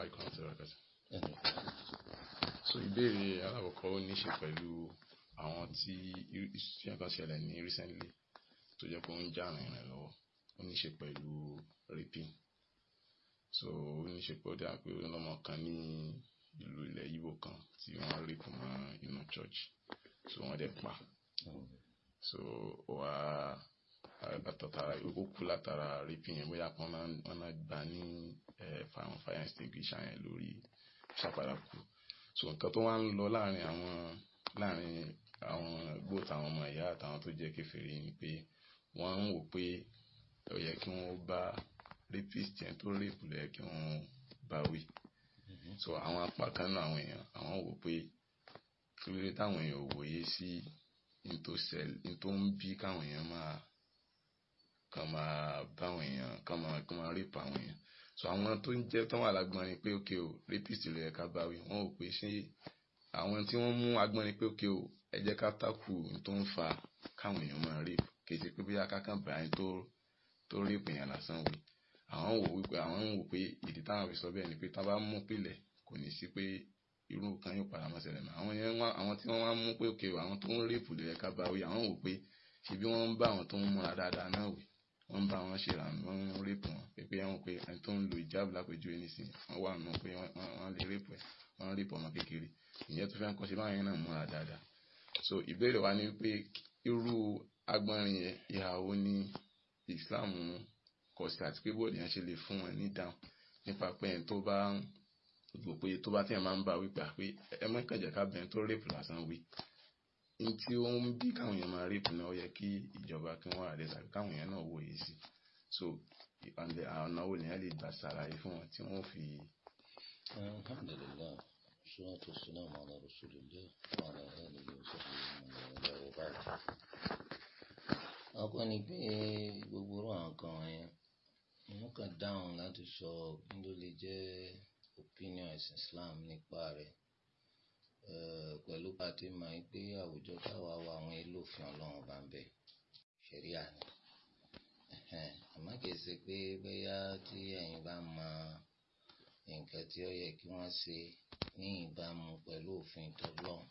aláìkọ́ àti ọ̀rẹ́kẹ́sì. So ìbéèrè alákọ̀ọ́kọ́ ó ní ṣe pẹ̀lú àwọn tí ìṣẹ́ kan ṣẹlẹ̀ ní recently tó jẹ́ pé ó ń jà rìn rìn lọ́wọ́ ó ní ṣe pẹ̀lú raping. So ó ní ṣe pé ó dáa pé ọlọ́mọ kan ní ìlú ilẹ̀ Igbo kan tí wọ́n rape mọ́ inú church so wọ́n dẹ̀ pa. So ó wàá àtọ̀tara ó kú látara rẹ́pì yẹn bóyá kan náà gbà ní fire fire extinguisher yẹn lórí ṣàpàdà so nǹkan tó wá ń lọ láàrin àwọn láàrin àwọn gbóòt àwọn ọmọ ìyá àtàwọn tó jẹ́ kèfèrí ni pé wọ́n ń wò pé ó yẹ kí wọ́n bá rapist yẹn tó rape ló kí wọ́n bá wí mm-hmm. so àwọn apá kan náà àwọn èèyàn àwọn wò pé kí ló dé táwọn èèyàn wòye sí ní tó ń bí káwọn èèyàn máa kàn máa bá àwọn èèyàn kàn máa kàn máa rape àwọn èèyàn so àwọn tó ń jẹ́ tó wà lágbọ́nrin pé ókè o rapist ló yẹ ká bá wí wọn ò pé ṣé àwọn tí wọ́n mú agbọ́nrin pé ókè o ẹ jẹ́ ká tákù tó ń fa káwọn èèyàn máa rape kejì pé bóyá kákan bàáyín tó tó rape èèyàn lásán wí àwọn wò wípé àwọn ń wò pé ìdí táwọn fi sọ bẹ́ẹ̀ ni pé tá bá mú pilẹ̀ kò ní sí pé irú kan yóò padà máa ṣẹlẹ̀ mọ́ àwọn yẹn wá àwọn tí wọ́n wá mú pé òkè àwọn tó ń rape ló yẹ ká bá wí àwọn wò pé ṣebí wọ́n ń bá àwọn tó ń múra dáadáa náà wí wọ́n ń bá wọn ṣe ìranù wọ́n ń rape wọn pé wọ́n pé ẹni tó ń lo ìjáàbù lápèjúwe nísìn wọ́n wà nù pé wọ́n lè rape ẹ̀ wọ́n ń rape ọmọ kékeré ìyẹn tó fẹ́ ń kọ́ṣe báyẹn náà múra dáadáa so ìbéèrè wa ni pé irú agbọ́nrin yẹn ìhà wo ni Islam kọ̀ sí àti pé bóòdì yẹn ṣe lè fún wọn ní dáhùn nípa pé ẹni tó bá ń gbò pé tó bá tẹ̀ máa ń bá wípé ah, ẹ mọ́kànjẹ́ ká bẹ̀rẹ̀ tó rape lásán wí ní tí ó ń bí káwọn èèyàn máa rape náà ó yẹ kí ìjọba kí wọ́n àdẹ́sà káwọn èèyàn náà wòye sí so ọ̀nà wo nìyẹn lè gbà ṣàlàyé fún wọn tí wọ́n fi. alhamdulillah salatu wassalamu ala rasulillah wa ala alihi wa sahbihi wa ba'd. ọkọ ni pé gbogbo irú àwọn kan wọ̀nyẹn wọn kàn dáhùn láti sọ nítorí jẹ́ opinion ẹ̀sìn Islam nípa rẹ̀. Eh, pẹ̀lú pàtí máa ń pé àwùjọ táwa wa àwọn ilófin ọlọ́run bá ń bẹ̀ ṣẹ̀ríà àmọ́ kìí ṣe pé bóyá tí ẹ̀yin bá mọ nǹkan tí ó yẹ kí wọ́n ṣe ní ìbámu pẹ̀lú òfin tọ́lọ́run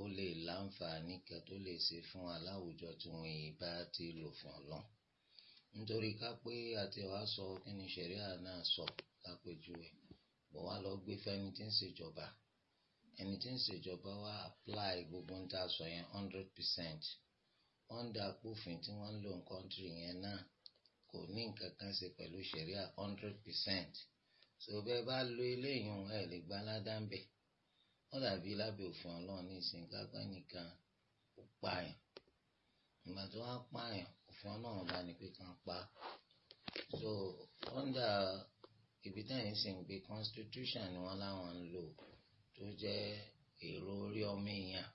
ó lè láǹfààní kan tó lè ṣe fún aláwùjọ tí wọn yìí bá ti lòfin ọlọ́run nítorí ká pé àti wàá sọ kí ni ṣẹ̀ríà náà sọ lápèjúwe bọ̀ wá lọ gbé fẹ́ni tí ń ṣèjọba ẹni tí ń ṣèjọba wa apply gbogbo ń ta sọ yẹn hundred percent under pófin tí wọ́n ń lò ní country yẹn náà kò ní nǹkan kan ṣe pẹ̀lú ṣẹ̀ríà hundred percent so bẹ́ẹ̀ bá lo eléyìí ẹ̀ lè gba aládàmbẹ̀ wọ́n dàbí lábẹ́ òfin ọlọ́run ní ìsìn kápá nìkan ó pààyàn ìgbà tó wá pààyàn òfin ọlọ́run bá ní pé kàn pa so under ibi táyà ń sìn gbé constitution ni wọ́n láwọn ń lò tó jẹ́ èrò orí ọmọ èèyàn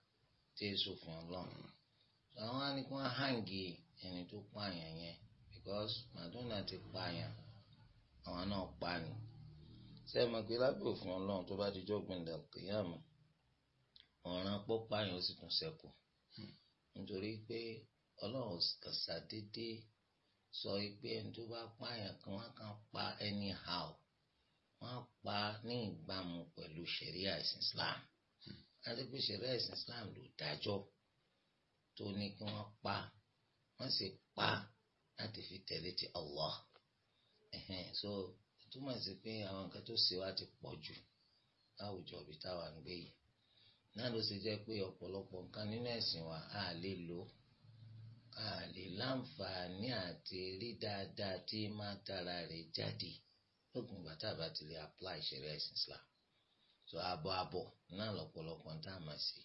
tí èso fi hàn lọ́rùn àwọn á ní ẹni tó pààyàn yẹn because Madonna ti pààyàn àwọn náà pa ni ṣé ẹ mọ̀ pé lábẹ́ òfin ọlọ́run tó bá dijọ́ gbẹ̀ndẹ̀ kìyàmù ọ̀ràn pọ̀ pààyàn ó sì tún ṣẹ́kù nítorí pé ọlọ́run kàṣà déédéé sọ pé ẹni tó bá pààyàn kan wọ́n kàn pa anyhow wọ́n pa ní ìbámu pẹ̀lú ṣẹ̀ríà ẹ̀sìn Islam àti hmm. pé ṣẹ̀ríà ẹ̀sìn Islam ló dájọ́ tó ní kí wọ́n pa wọ́n sì pa láti fi tẹ̀lé ti Allah so túmọ̀ sí pé àwọn nǹkan tó ṣe wá ti pọ̀ jù láwùjọ bí táwa ń gbé yìí náà ló ṣe jẹ́ pé ọ̀pọ̀lọpọ̀ nǹkan nínú ẹ̀sìn wa a lè lò a láǹfààní àti rí dáadáa tí máa tara rẹ̀ jáde lókun ìgbà tá a bá ti lè apply ìṣẹ̀rẹ́ ẹ̀sìn Islam so àbọ̀ àbọ̀ náà lọ́pọ̀lọpọ̀ ń tá a máa ṣe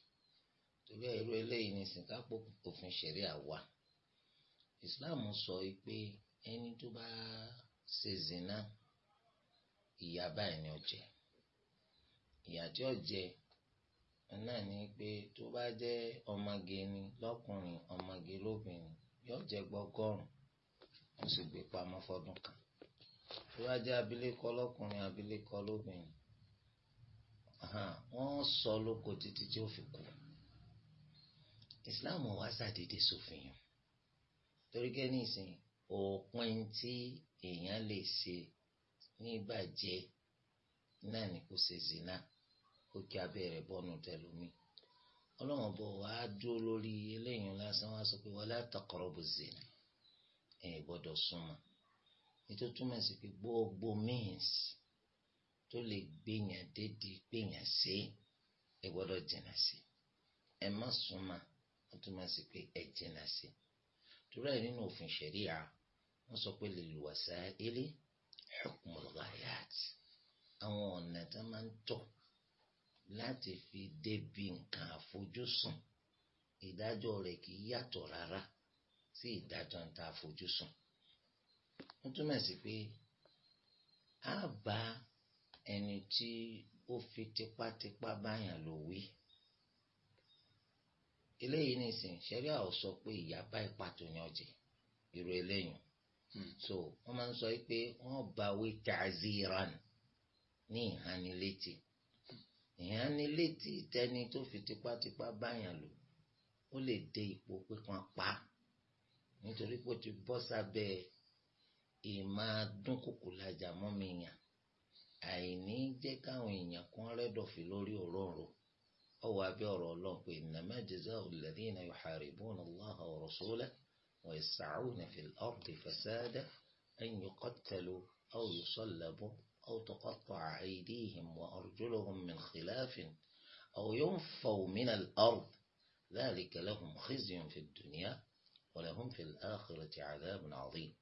torí ẹ̀rú eléyìí ní sìnkápò òfin ṣẹ̀rẹ́ àwa Islam sọ pé ẹni tó bá ṣe zina ìyá báyìí ni ó jẹ ìyá tí ó náà ni pé tó bá jẹ́ ọmọge ni lọ́kùnrin ọmọge lóbìnrin yóò jẹ gbọgọrùn ó sì gbé pamọ́ fọ́dún kan tó bá jẹ́ abilékọ lọ́kùnrin abilékọ lóbìnrin wọ́n sọ lóko títí tí ó fi kú islam wá ṣàdédé sófin yàn torí kẹ́ nísìn òpin tí èèyàn lè ṣe níbàjẹ́ náà ni kò ṣe zina kó kí abẹ́rẹ́ bọ́nu tẹlómi ọlọ́wọ́n bọ̀ wá dúró lórí eléyìí lásán wá sọ pé wala taqrabu zina ẹ̀ gbọ́dọ̀ súnmọ́ ètò túmọ̀ sí pé gbogbo means tó lè gbèyàn dédìí gbèyàn sí ẹ gbọ́dọ̀ jìnnà sí ẹ má súnmọ́ ó túmọ̀ sí pé ẹ jìnnà sí torí ẹ nínú òfin ṣẹ̀ríà wọ́n sọ pé lil wasa'ili hukmul ghayat àwọn ọ̀nà tó máa ń tọ̀ láti fi débi nǹkan àfojúsùn ìdájọ́ rẹ̀ kì í yàtọ̀ rárá sí ìdájọ́ ń ta àfojúsùn ó túmọ̀ sí pé a bá ẹni tí ó fi tipátipá báyàn lò wí eléyìí nìsín ṣẹ́ríà ò sọ pé ìyá ipa tó ní ọjẹ́ irú hmm. so wọ́n máa ń sọ pé wọ́n bá wí taziran ní ìhánilétí ìhánilétí tẹni tó fi tipátipá báyàn lò ó lè dé ipò pípọn pa nítorí pé ó ti bọ́ sábẹ́ ìmáa dúnkòkò lajà mọ́ mi yàn àìní jẹ́ káwọn èèyàn kan rẹ́dọ̀fì lórí ọ̀rọ̀ ọ̀rọ̀ ọwọ́ abẹ́ ọ̀rọ̀ ọlọ́run pé yóò ọ̀rọ̀ innama jaza'u alladhina yuharibuna Allaha wa rasulahu wa yas'una fil ardi fasada tọkọ́ tọ́ aw yusallabu aw tuqatta'a aydihim mi arjuluhum min yóò fọ̀ yunfaw min al-ard dhalika lahum khizyun fid dunya wa lahum fil akhirati 'adhabun 'adhim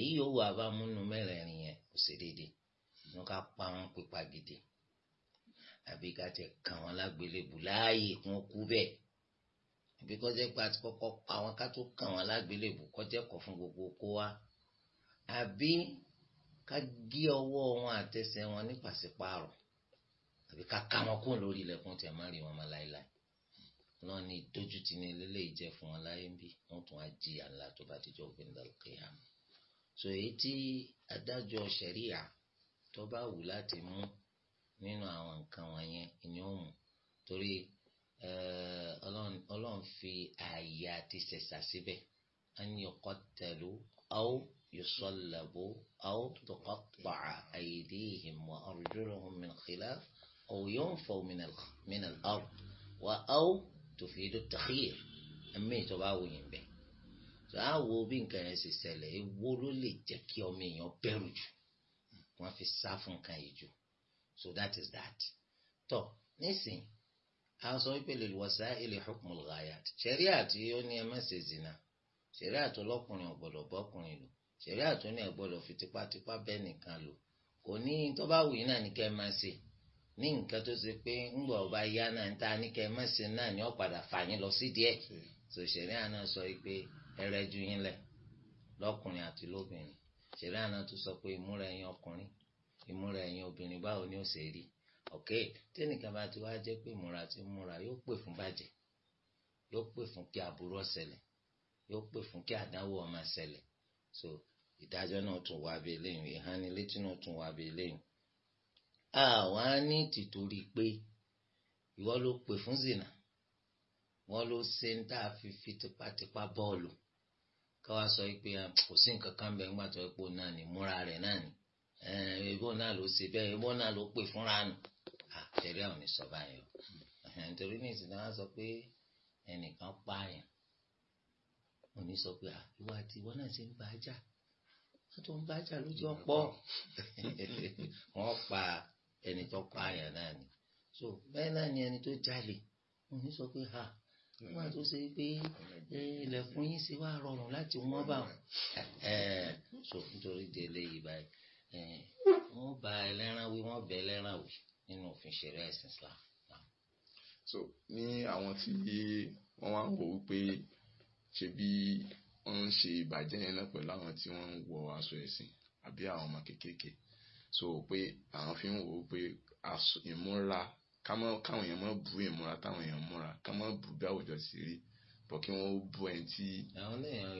èyí yóò wù abámúnú mẹ́rẹ̀ẹ̀rin yẹn kò ṣe déédéé wọn ká pa wọn pípa gidi àbí ká tẹ kàn wọn lágbélébù láàyè kí wọn kú bẹ́ẹ̀ àbí kọjá pé àti kọ́kọ́ pa wọn ká tó kàn wọn lágbélébù kọjá kọ fún gbogbo kó wa àbí ká gé ọwọ́ wọn àtẹsẹ̀ wọn ní pàṣípààrọ̀ àbí ká ká wọn kún lórí ilẹ̀kùn tí a rí wọn máa láéláé náà ni ìdójútì ní eléyìí jẹ́ fún wọn láyé ń bí wọ́n tún á jìyà ńlá tó bá ti jọ gbẹ̀ndàlùkẹ́yàmù so èyí tí adájọ́ ṣẹ̀ríà tó bá wù láti mú nínú àwọn nǹkan wọ̀nyẹn ni ó mú torí ọlọ́run fi ààyè àti ṣẹ̀ṣà síbẹ̀ an yuqattalu aw yusallabu aw tuqatta'a aydihim wa arjuluhum min khilaf aw yunfaw min al-ard wa aw tufidu ẹ̀mí tó bá wù yín bẹ́ẹ̀ á bí nǹkan yẹn ṣe ṣẹlẹ̀ ewo ló lè jẹ́ kí ọmọ èèyàn bẹ̀rù jù wọ́n fi sá fún nǹkan yìí jù so that is that tọ́ nísìnyí a sọ wípé lil wasa'ili hukmul ghayat ṣẹ̀ríà tí ó ní ẹ má ṣe zina ṣẹ̀ríà tó lọ́kùnrin ọ̀gbọ́dọ̀ bọ́kùnrin lò ṣẹ̀ríà tó ní ẹ̀gbọ́dọ̀ fi tipátipá bẹ́ẹ̀ nìkan lò kò ní tó bá wù yín náà ní kẹ́ ẹ máa ṣe ní nǹkan tó ṣe pé ńgbà ọba yá náà ń ta ní kẹ́ ẹ máa ṣe náà ní ó fà yín lọ sí díẹ̀ so ṣẹ̀ríà náà sọ wípé ẹrẹ ju yín lẹ̀ lọ́kùnrin àti lóbìnrin ṣẹlẹ àná tó sọ pé ìmúra ẹ̀yin ọkùnrin ìmúra ẹ̀yin obìnrin báwo ni ó ṣe rí ok tẹnìkan bá ti wá jẹ́ pé ìmúra ti múra yóò pè fún bàjẹ́ yóò pè fún kí aburú ó ṣẹlẹ̀ yóò pè fún kí àdánwò ó máa so ìdájọ́ náà tún wá bí eléyìí ìhánilétí náà tún wá bí eléyìí àwa ní tìtorí pé ìwọ ló pè fún zina wọ́n ló ṣe ń tá a fi fi tipátipá bọ́ọ̀lù ká wá sọ pé ah, kò sí nǹkan kan bẹ́ẹ̀ ńgbà tó epo náà ní múra rẹ̀ náà ní ebo náà ló ṣe bẹ́ẹ̀ ebo náà ló pè fúnra nù àtẹ̀rí àwọn ní sọ báyìí o nítorí ní ìsìn náà sọ pé ẹnìkan pààyàn òní sọ pé ìwà àti ìwọ náà ṣe ń bá jà wọ́n tó ń bá jà lójú ọ̀pọ̀ wọ́n pa ẹni tó pààyàn náà ni so bẹ́ẹ̀ náà ni ẹni tó jalè òní sọ pé ha nígbà tó ṣe pé ilẹ̀kùn yín sì wá rọrùn láti wọ́n bá wọn. so nítorí di eléyìí báyìí wọ́n bá ẹlẹ́ran wí wọ́n bẹ ẹlẹ́ran wí nínú òfin ṣẹ̀ríà ẹ̀sìn Islam. so ní àwọn tí wọ́n wá ń wò wípé ṣe bí wọ́n ń ṣe ìbàjẹ́ yẹn náà pẹ̀lú àwọn tí wọ́n ń wọ aṣọ ẹ̀sìn àbí àwọn ọmọ kéékèèké so pé àwọn fi ń wò ó pé ìmúra ká mọ́ káwọn èèyàn mọ́ bu ìmúra táwọn èèyàn múra ká mọ́ bu bí àwùjọ ṣe rí bọ̀ kí wọ́n bu ẹni tí. àwọn lẹ́yìn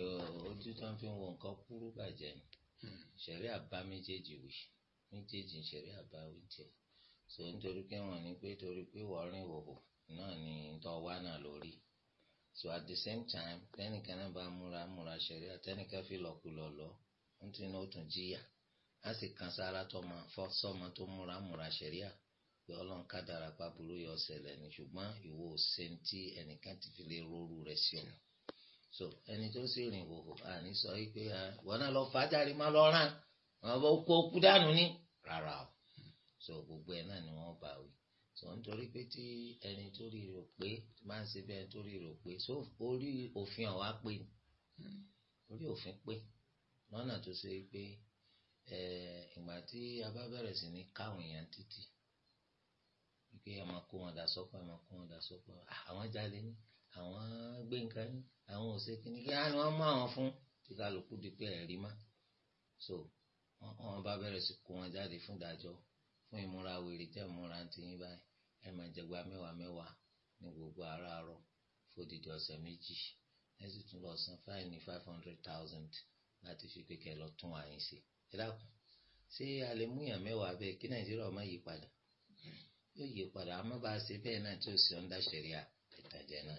ojú tó ń fi wọn nǹkan kúrú bàjẹ́ ni hmm. ṣẹ̀rí àbá méjèèjì wì méjèèjì ṣẹ̀rí àbá wì tiẹ̀ so nítorí pé wọ́n ní pé torí pé wọ́ọ́rìn ìhòhò náà ni tó wá náà lórí so at the same time tẹ́nìkan náà bá múra múra ṣẹ̀rí àtẹ́nìkan fi lọ́kùlọ̀ lọ nítorí náà ó tún jìyà á sì kan sára tọmọ fọ́ sọ́mọ tó múra múra ṣẹ̀rí à pé ọlọ́run ká dára pa burú yọ ṣẹlẹ̀ ni ṣùgbọ́n ìwọ ò sẹ́ńtì ẹnìkan ti fi lè róru rẹ̀ sí ọ. so ẹni tó sì rìn ìhòhò àní sọ pé wọn náà lọ fàájàre má lọ rán wọn bọ kó dànù ní rárá o so gbogbo ẹ náà ni wọn bá wí so nítorí pé tí ẹni tó rí rò pé máa ń ṣe bí ẹni tó rí rò pé so orí òfin ọ̀wá pé ni orí òfin pé lọ́nà tó ṣe pé ìgbà tí a bá bẹ̀rẹ̀ sí ní káwọn èèyàn títì pé ẹ máa kó wọn dà sọ́kọ̀ ẹ máa kó wọn dà sọ́kọ̀ ah, àwọn jalè ní àwọn gbé nǹkan ní àwọn ò ṣe kí ni wọ́n mú àwọn fún tí kálukú di pé ẹ̀rí má so wọ́n bá bẹ̀rẹ̀ sí kó wọn jáde fún ìdájọ́ fún ìmúra wèrè tẹ́ ìmúra ti yín báyìí ẹ máa jẹgba mẹ́wàá mẹ́wàá ní gbogbo àràárọ̀ fòdìdì ọ̀sẹ̀ méjì ẹ sì tún lọ san fáìní five hundred thousand láti fi pé kẹ́ lọ tún àyìn ṣe ẹ dákun ṣé a lè mú yàn mẹ́wàá bẹ́ẹ̀ kí nàìjíríà má yí padà yóò yí padà àmọ́ bá a ṣe bẹ́ẹ̀ náà tí ó sì ń dá ṣẹ̀ríà ìtàjẹ́ náà.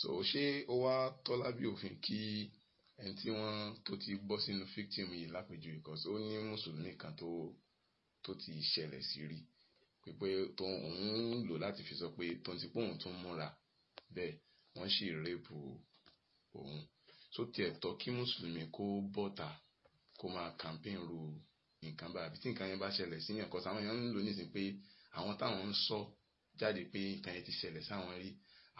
so ṣé ó wá tọ́lá bí òfin kí ẹni tí wọ́n tó ti bọ́ sínú victim yìí lápèjú because ó ní mùsùlùmí kan tó tó ti ṣẹlẹ̀ sí rí pé tó òun ń lò láti fi sọ pé tó ti múra bẹ́ẹ̀ wọ́n sì rẹ́pù òun só tiẹ̀ tọ́ kí mùsùlùmí kó bọ́ta kó máa campaign ru nǹkan bá àbí tí nǹkan yẹn bá ṣẹlẹ̀ sí yàn kọ́sà àwọn èèyàn ń lò nísìnyí pé àwọn táwọn ń sọ jáde pé nǹkan yẹn ti ṣẹlẹ̀ sáwọn rí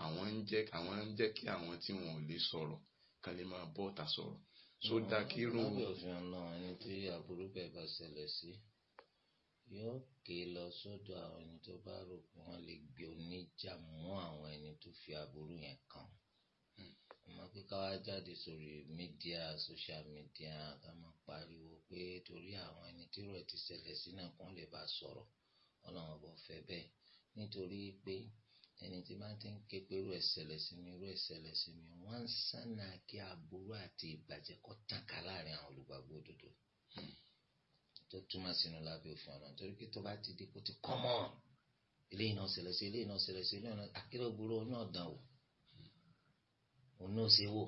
àwọn ń jẹ́ àwọn ń jẹ́ kí àwọn tí wọn ò lè sọ̀rọ̀ kan lè máa bọ́ ta sọ̀rọ̀ so da kí irú. lábẹ́ òfin ọ̀nà ẹni tí aburú bẹ́ẹ̀ bá ṣẹlẹ̀ sí yóò ké lọ sọ́dọ̀ àwọn ẹni tó bá rò pé wọ́n lè gbé oníjà mú àwọn ẹni tó fi aburú yẹn kàn àmọ́ pé ká wá jáde sórí mídíà social media ká máa pariwo pé torí àwọn ẹni tí rẹ̀ ti ṣẹlẹ̀ sí náà kàn lè bá sọ̀rọ̀ ọlọ́run bó fẹ́ bẹ́ẹ̀ nítorí pé ẹni tí bá ti ń ké pé irú ẹ̀ ṣẹlẹ̀ sí mi irú ẹ̀ ṣẹlẹ̀ sí mi wọ́n ń sànà kí aburú àti ìbàjẹ́ kó tàn láàrin àwọn olùgbàgbọ́ òdodo tó túmọ̀ sínú lábẹ́ òfin ọ̀nà torí pé tó bá ti di kó ti kọ́mọ̀ eléyìí náà ṣẹlẹ̀ sí eléyìí náà ṣẹlẹ̀ sí eléyìí náà akérò òun náà ṣe wò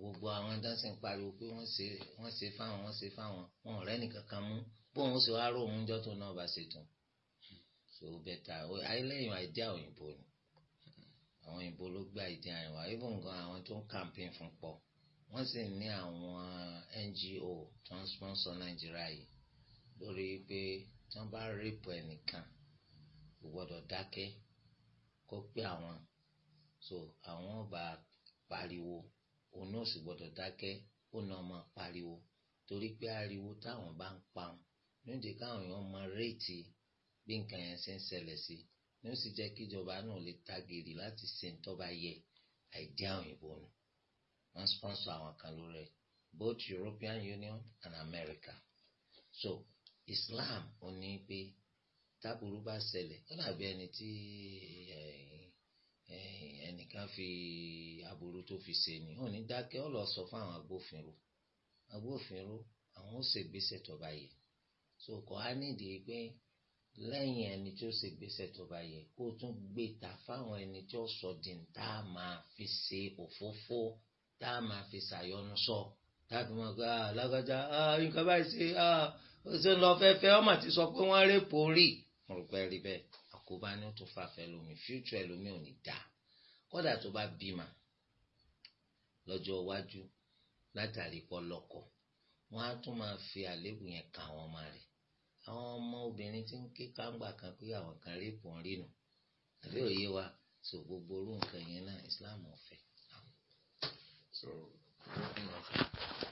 gbogbo àwọn tó ń sìn pariwo pé wọ́n ṣe wọ́n ṣe fáwọn wọ́n ṣe fáwọn wọn ò rẹ́ni kankan mú bó wọn ṣe wá rò òun jọ́ tó náà bá ṣe tún so bẹ́tà ayélujára àìdí àwọn òyìnbó ni àwọn òyìnbó ló gbé àìdí àyàn wá even gan àwọn tó ń campaign fún pọ̀ wọ́n sì ní àwọn NGO tó ń sponsor Nàìjíríà yìí lórí pé tí wọ́n bá rìpọ̀ ẹnìkan kò gbọ́dọ̀ dákẹ́ kó pé àwọn so àwọn bá pariwo òun náà sì gbọdọ̀ dákẹ́ ó náà máa pariwo torí pé ariwo táwọn bá ń pa wọn ní ó jẹ́ káwọn èèyàn máa réètì bí nǹkan yẹn ṣe ń ṣẹlẹ̀ sí ní ó sì jẹ́ kíjọba náà lè tagìrì láti ṣe ń tọ́ yẹ àìdí àwọn ìbò nù wọ́n sponsor àwọn kan lórí rẹ̀ both European Union and America so Islam ò ní pé táburú bá ṣẹlẹ̀ ó dàbí ẹni tí eh, ẹnìkan fi aburú tó fi ṣe ni òní dákẹ́ ọ lọ sọ fáwọn agbófinró agbófinró àwọn ó ṣe gbèsè tó bá yẹ so kò á nídìí pé lẹ́yìn ẹni tí ó ṣe gbèsè tó bá yẹ kó o tún gbé ta fáwọn ẹni tí ó sọ di tá a máa fi ṣe òfófó tá a máa fi ṣàyọnu sọ táàbí wọn gba alágbájá nǹkan báyìí ṣe ó ṣe ń lọ fẹ́fẹ́ ọmọ ti sọ pé wọ́n rèpò rí mo rò pé rí bẹ́ẹ̀ àkóbá ni ó tún fà fẹ́ lómi fíútsù ẹlòmí ò ní dáa kódà tó bá bímọ lọ́jọ́ iwájú látàrí pọlọkọ wọn á tún máa fi àléébù yẹn ka àwọn ọmọ rẹ̀ àwọn ọmọ obìnrin tí ń ké kángbà kan pé àwọn kan rèépù ń rí àbí òye wa sọ gbogbo orú nǹkan yẹn náà Islam ọ̀fẹ́.